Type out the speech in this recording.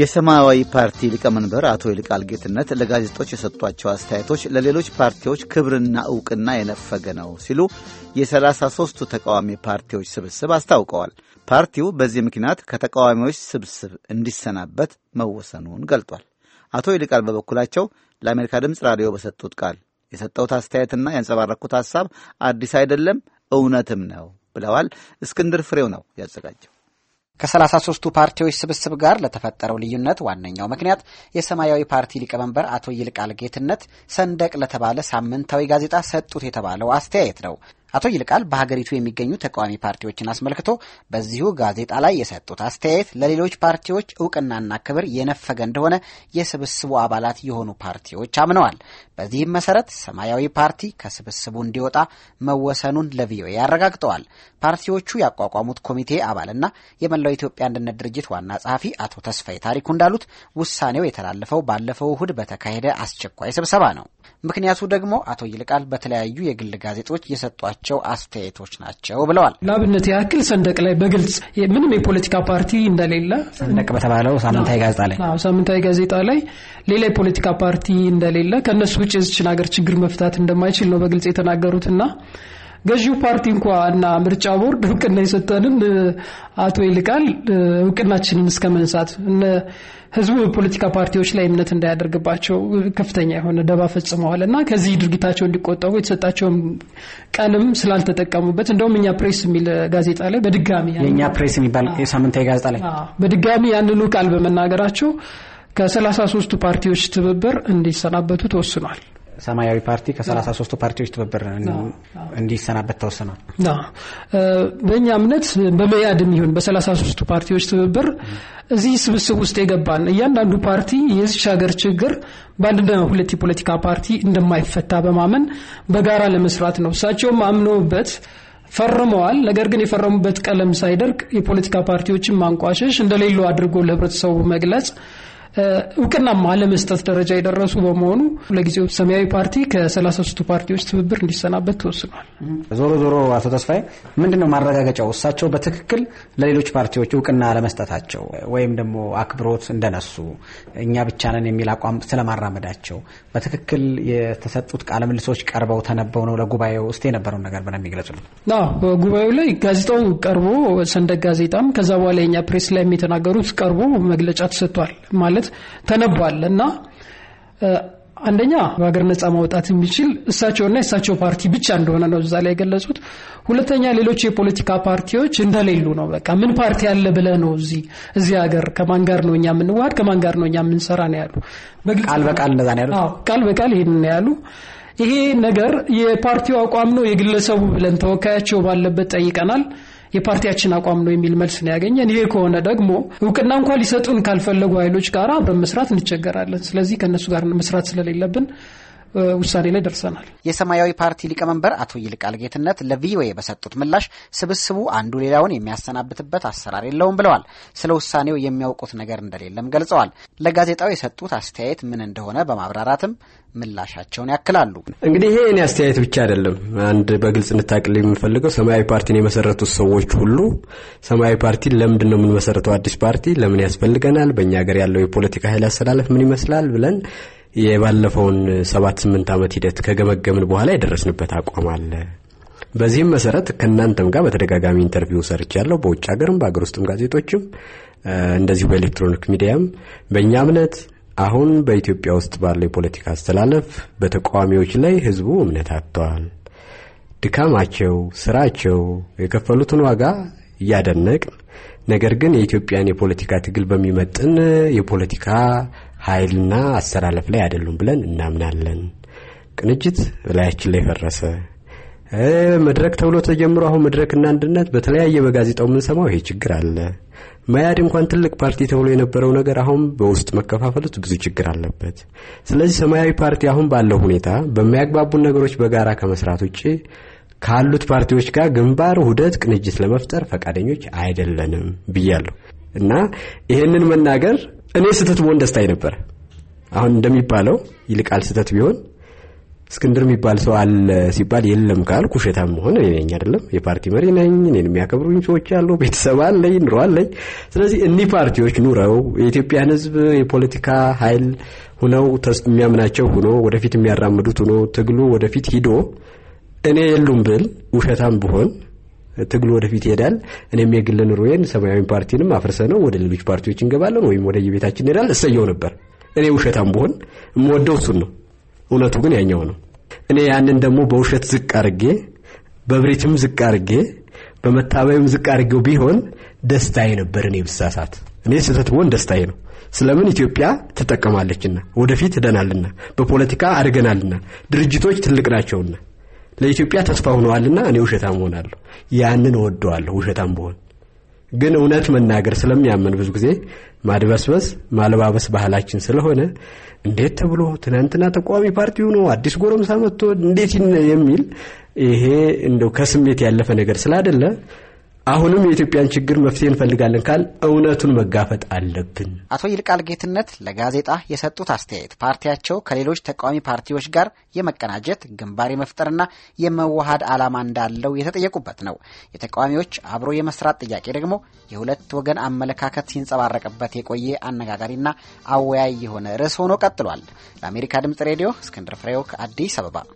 የሰማያዊ ፓርቲ ሊቀመንበር አቶ ይልቃል ጌትነት ለጋዜጦች የሰጧቸው አስተያየቶች ለሌሎች ፓርቲዎች ክብርና እውቅና የነፈገ ነው ሲሉ የሰላሳ ሦስቱ ተቃዋሚ ፓርቲዎች ስብስብ አስታውቀዋል። ፓርቲው በዚህ ምክንያት ከተቃዋሚዎች ስብስብ እንዲሰናበት መወሰኑን ገልጧል። አቶ ይልቃል በበኩላቸው ለአሜሪካ ድምፅ ራዲዮ በሰጡት ቃል የሰጠሁት አስተያየትና ያንጸባረቁት ሐሳብ አዲስ አይደለም፣ እውነትም ነው ብለዋል። እስክንድር ፍሬው ነው ያዘጋጀው። ከሰላሳ ሶስቱ ፓርቲዎች ስብስብ ጋር ለተፈጠረው ልዩነት ዋነኛው ምክንያት የሰማያዊ ፓርቲ ሊቀመንበር አቶ ይልቃል ጌትነት ሰንደቅ ለተባለ ሳምንታዊ ጋዜጣ ሰጡት የተባለው አስተያየት ነው። አቶ ይልቃል በሀገሪቱ የሚገኙ ተቃዋሚ ፓርቲዎችን አስመልክቶ በዚሁ ጋዜጣ ላይ የሰጡት አስተያየት ለሌሎች ፓርቲዎች እውቅናና ክብር የነፈገ እንደሆነ የስብስቡ አባላት የሆኑ ፓርቲዎች አምነዋል። በዚህም መሰረት ሰማያዊ ፓርቲ ከስብስቡ እንዲወጣ መወሰኑን ለቪኦኤ አረጋግጠዋል። ፓርቲዎቹ ያቋቋሙት ኮሚቴ አባልና የመላው ኢትዮጵያ አንድነት ድርጅት ዋና ጸሐፊ አቶ ተስፋዬ ታሪኩ እንዳሉት ውሳኔው የተላለፈው ባለፈው እሁድ በተካሄደ አስቸኳይ ስብሰባ ነው። ምክንያቱ ደግሞ አቶ ይልቃል በተለያዩ የግል ጋዜጦች የሰጧቸው አስተያየቶች ናቸው ብለዋል። ለአብነት ያክል ሰንደቅ ላይ በግልጽ ምንም የፖለቲካ ፓርቲ እንደሌለ ሰንደቅ በተባለው ሳምንታዊ ጋዜጣ ላይ ሳምንታዊ ጋዜጣ ላይ ሌላ የፖለቲካ ፓርቲ እንደሌለ ከእነሱ ውጭ የዚችን ሀገር ችግር መፍታት እንደማይችል ነው በግልጽ የተናገሩትና ገዢው ፓርቲ እንኳ እና ምርጫ ቦርድ እውቅና የሰጠንን አቶ ይልቃል እውቅናችንን እስከ መንሳት ህዝቡ በፖለቲካ ፓርቲዎች ላይ እምነት እንዳያደርግባቸው ከፍተኛ የሆነ ደባ ፈጽመዋል እና ከዚህ ድርጊታቸው እንዲቆጠቡ የተሰጣቸውን ቀንም ስላልተጠቀሙበት እንደውም እኛ ፕሬስ የሚል ጋዜጣ ላይ በድጋሚ የእኛ ፕሬስ የሚባል የሳምንታዊ ጋዜጣ ላይ በድጋሚ ያንኑ ቃል በመናገራቸው ከሰላሳ ሶስቱ ፓርቲዎች ትብብር እንዲሰናበቱ ተወስኗል። ሰማያዊ ፓርቲ ከ 33 ፓርቲዎች ትብብር እንዲሰናበት ተወስኗል። በእኛ እምነት በመያድ የሚሆን በ 33 ፓርቲዎች ትብብር እዚህ ስብስብ ውስጥ የገባን እያንዳንዱ ፓርቲ የዚች ሀገር ችግር በአንድና ሁለት የፖለቲካ ፓርቲ እንደማይፈታ በማመን በጋራ ለመስራት ነው። እሳቸውም አምነውበት ፈርመዋል። ነገር ግን የፈረሙበት ቀለም ሳይደርቅ የፖለቲካ ፓርቲዎችን ማንቋሸሽ እንደሌለው አድርጎ ለህብረተሰቡ መግለጽ እውቅናም አለመስጠት ደረጃ የደረሱ በመሆኑ ለጊዜው ሰማያዊ ፓርቲ ከ 33 ፓርቲዎች ትብብር እንዲሰናበት ተወስኗል። ዞሮ ዞሮ አቶ ተስፋዬ ምንድን ነው ማረጋገጫው እሳቸው በትክክል ለሌሎች ፓርቲዎች እውቅና አለመስጠታቸው ወይም ደግሞ አክብሮት እንደነሱ እኛ ብቻ የሚል አቋም ስለማራመዳቸው በትክክል የተሰጡት ቃለ ምልሶች ቀርበው ተነበው ነው ለጉባኤው ውስጥ የነበረውን ነገር ብለ ይግለጹልን። ጉባኤው ላይ ጋዜጣው ቀርቦ ሰንደቅ ጋዜጣም ከዛ በኋላ የኛ ፕሬስ ላይ የተናገሩት ቀርቦ መግለጫ ተሰጥቷል ማለት አይነት ተነቧል እና አንደኛ በሀገር ነጻ ማውጣት የሚችል እሳቸውና እሳቸው ፓርቲ ብቻ እንደሆነ ነው እዛ ላይ የገለጹት። ሁለተኛ ሌሎች የፖለቲካ ፓርቲዎች እንደሌሉ ነው። በቃ ምን ፓርቲ አለ ብለህ ነው እዚህ እዚህ ሀገር ከማን ጋር ነው እኛ የምንዋሃድ ከማን ጋር ነው እኛ የምንሰራ ነው ያሉ። ቃል በቃል እንደዛ ነው ያሉ። ቃል በቃል ይሄን ነው ያሉ። ይሄ ነገር የፓርቲው አቋም ነው የግለሰቡ ብለን ተወካያቸው ባለበት ጠይቀናል። የፓርቲያችን አቋም ነው የሚል መልስ ነው ያገኘን። ይሄ ከሆነ ደግሞ እውቅና እንኳ ሊሰጡን ካልፈለጉ ኃይሎች ጋር አብረን መስራት እንቸገራለን። ስለዚህ ከእነሱ ጋር መስራት ስለሌለብን ውሳኔ ላይ ደርሰናል። የሰማያዊ ፓርቲ ሊቀመንበር አቶ ይልቃል ጌትነት ለቪኦኤ በሰጡት ምላሽ ስብስቡ አንዱ ሌላውን የሚያሰናብትበት አሰራር የለውም ብለዋል። ስለ ውሳኔው የሚያውቁት ነገር እንደሌለም ገልጸዋል። ለጋዜጣው የሰጡት አስተያየት ምን እንደሆነ በማብራራትም ምላሻቸውን ያክላሉ። እንግዲህ ይሄ እኔ አስተያየት ብቻ አይደለም። አንድ በግልጽ እንታቅል የምንፈልገው ሰማያዊ ፓርቲን የመሰረቱት ሰዎች ሁሉ ሰማያዊ ፓርቲ ለምንድን ነው የምንመሰረተው? አዲስ ፓርቲ ለምን ያስፈልገናል? በእኛ ሀገር ያለው የፖለቲካ ኃይል አስተላለፍ ምን ይመስላል? ብለን የባለፈውን ሰባት ስምንት ዓመት ሂደት ከገመገምን በኋላ የደረስንበት አቋም አለ። በዚህም መሰረት ከእናንተም ጋር በተደጋጋሚ ኢንተርቪው ሰርቻለሁ። በውጭ ሀገርም በሀገር ውስጥም ጋዜጦችም እንደዚሁ በኤሌክትሮኒክ ሚዲያም በእኛ እምነት አሁን በኢትዮጵያ ውስጥ ባለው የፖለቲካ አስተላለፍ በተቃዋሚዎች ላይ ህዝቡ እምነት አጥተዋል። ድካማቸው፣ ስራቸው፣ የከፈሉትን ዋጋ እያደነቅ ነገር ግን የኢትዮጵያን የፖለቲካ ትግል በሚመጥን የፖለቲካ ኃይልና አሰላለፍ ላይ አይደሉም ብለን እናምናለን። ቅንጅት በላያችን ላይ ፈረሰ። መድረክ ተብሎ ተጀምሮ አሁን መድረክና አንድነት በተለያየ በጋዜጣው የምንሰማው ይሄ ችግር አለ። መያድ እንኳን ትልቅ ፓርቲ ተብሎ የነበረው ነገር አሁን በውስጥ መከፋፈል ብዙ ችግር አለበት። ስለዚህ ሰማያዊ ፓርቲ አሁን ባለው ሁኔታ በሚያግባቡን ነገሮች በጋራ ከመስራት ውጭ ካሉት ፓርቲዎች ጋር ግንባር፣ ውህደት፣ ቅንጅት ለመፍጠር ፈቃደኞች አይደለንም ብያለሁ እና ይህንን መናገር እኔ ስህተት ብሆን ደስታዬ ነበረ። አሁን እንደሚባለው ይልቃል ስህተት ቢሆን እስክንድር የሚባል ሰው አለ ሲባል የለም ካል ውሸታም መሆን እኔ ነኝ አይደለም። የፓርቲ መሪ ነኝ። እኔን የሚያከብሩኝ ሰዎች አሉ፣ ቤተሰብ አለኝ፣ ኑሮ አለኝ። ስለዚህ እኒህ ፓርቲዎች ኑረው የኢትዮጵያን ሕዝብ የፖለቲካ ኃይል ሁነው የሚያምናቸው ሁኖ ወደፊት የሚያራምዱት ሁኖ ትግሉ ወደፊት ሂዶ እኔ የሉም ብል ውሸታም ብሆን ትግል ወደፊት ይሄዳል። እኔም የግልን ሩዌን ሰማያዊ ፓርቲንም አፍርሰ ነው ወደ ሌሎች ፓርቲዎች እንገባለን ወይም ወደ የቤታችን ይሄዳል እሰየው ነበር። እኔ ውሸታም ብሆን የምወደው እሱን ነው። እውነቱ ግን ያኛው ነው። እኔ ያንን ደግሞ በውሸት ዝቅ አርጌ፣ በብሬትም ዝቅ አርጌ፣ በመታበይም ዝቅ አርጌው ቢሆን ደስታዬ ነበር። እኔ ብሳሳት እኔ ስህተት ብሆን ደስታዬ ነው። ስለምን ኢትዮጵያ ትጠቀማለችና፣ ወደፊት ሄደናልና፣ በፖለቲካ አድገናልና፣ ድርጅቶች ትልቅ ናቸውና ለኢትዮጵያ ተስፋ ሆነዋልና እኔ ውሸታም ሆናለሁ። ያንን እወደዋለሁ ውሸታም ብሆን። ግን እውነት መናገር ስለሚያመን ብዙ ጊዜ ማድበስበስ ማለባበስ ባህላችን ስለሆነ እንዴት ተብሎ ትናንትና ተቃዋሚ ፓርቲ ሆኖ አዲስ ጎረምሳ መጥቶ እንዴት የሚል ይሄ እንደው ከስሜት ያለፈ ነገር ስላይደለ አሁንም የኢትዮጵያን ችግር መፍትሄ እንፈልጋለን ካል እውነቱን መጋፈጥ አለብን። አቶ ይልቃል ጌትነት ለጋዜጣ የሰጡት አስተያየት ፓርቲያቸው ከሌሎች ተቃዋሚ ፓርቲዎች ጋር የመቀናጀት ግንባር የመፍጠርና የመዋሃድ ዓላማ እንዳለው የተጠየቁበት ነው። የተቃዋሚዎች አብሮ የመስራት ጥያቄ ደግሞ የሁለት ወገን አመለካከት ሲንጸባረቅበት የቆየ አነጋጋሪና አወያይ የሆነ ርዕስ ሆኖ ቀጥሏል። ለአሜሪካ ድምጽ ሬዲዮ እስክንድር ፍሬው ከአዲስ አበባ